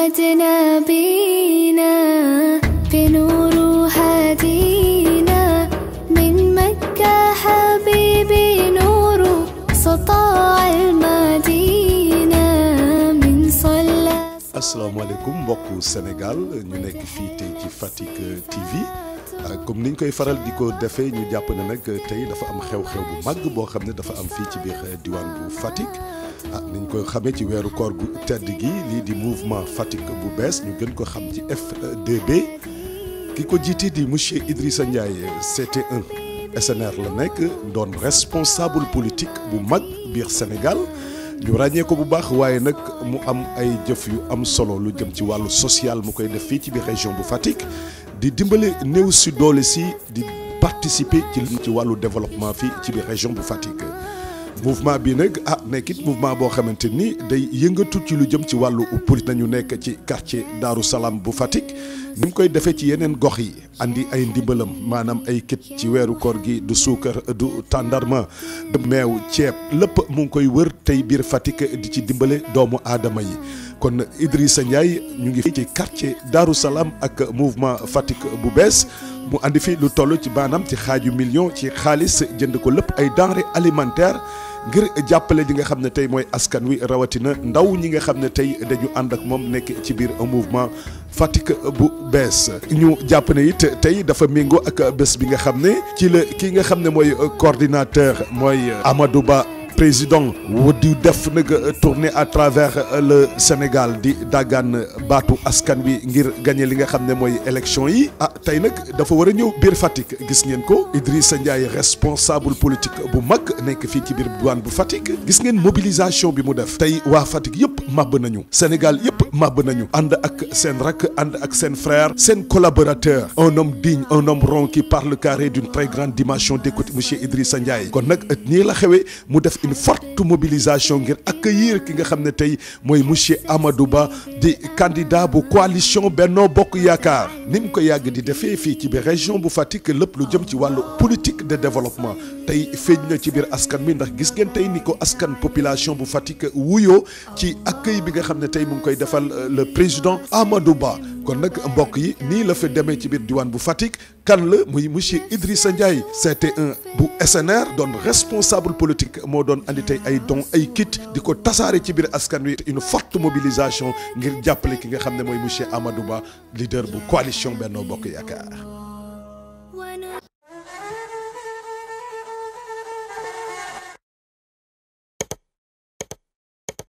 عودنا بينا بنور هدينا من مكة حبيبي نور سطاع المدينة من صلى السلام عليكم بوكو Sénégal ñu في تي tey ci Fatick Euh, comme niñ koy faral diko ko ñu japp na nak euh, tay dafa am xew-xew bu mag bo xam dafa am fi ci biir euh, diwan bu Fatick ah niñ ko xamee ci wéru koor gu tedd gi lii di mouvement Fatick bu bees ñu gën ko xam ci FDB e kiko jité di monsieur Idrissa Ndiaye CT1 SNR la nek doon responsable politique bu mag biir Sénégal ñu ragné ko bu baax waye nak mu am ay jëf yu am solo lu jëm ci walu social mu koy def fi ci biir région bu Fatick de dimbale néew si di participer ci ci développement de ci région bu Le mouvement bi nag ah mouvement boo xamante day yëngatu ci lu ci nañu quartier Daru mi koy defee ci yeneen gox yi andi ay ndimbalam maanaam ay kit ci weeru koor gi du suukar du tàndarma du meew ceeb lépp mu ngi koy wër tey biir Fatick di ci dimbale doomu aadama yi kon Idrissa Ndiaye ñu ngi fi ci quartier Darou Salaam ak mouvement Fatick bu bees mu andi fi lu toll ci maanaam ci xaaju million ci xaalis jënd ko lépp ay denrées alimentaires ngir jàppale li nga xam ne tey mooy askan wi rawatina ndaw ñi nga xam ne tey dañu ànd ak moom nekk ci biir mouvement Fatick bu bees ñu jàpp ne it tey dafa méngoo ak bés bi nga xam ne ci la ki nga xam ne mooy coordinateur mooy amadu Ba président vous def euh, tourner à travers euh, le Sénégal di daggaan batu askan bi ngir gagner li nga xamné moy élection yi ah tay nak dafa wara ñew bir biir gis ngeen ko Idrissa Ndiaye responsable politique bu mag nek fi ci bir diwaan bu Fatick gis ngeen mobilisation bi mu def tay wa Fatick yëpp màbb nañu Sénégal yëpp màbb nañu and ak sen rak and ak sen frère sen collaborateur un homme digne un homme rond qui parle carré d'une très grande dimension d'écoute monsieur Idrissa Ndiaye kon nak nii la xewé mu def une forte mobilisation ngir accueillir ki nga xam ne tey monsieur Amadou di candidat bu coalition Benno Bokk Yaakaar ni mu ko yàgg di defee fii ci biir région bu Fatick lépp lu jëm ci politique de développement tay feeñ na ci bir askan mi ndax gis ngeen tay ni ko askan population bu Fatick wuyo ci accueil bi nga xam tay mu ngi koy defal euh, le président Amadou Ba kon nag mbokk yi ni la fi demee ci bir diwaan bu Fatick kan la muy monsieur Idrissa Ndiaye CT1 bu SNR doon responsable politique mo doon andi tay ay don ay kit diko ko ci bir askan wi une forte mobilisation ngir jàppale ki nga xam moy monsieur Amadou Ba leader bu coalition Benno Bokk yakar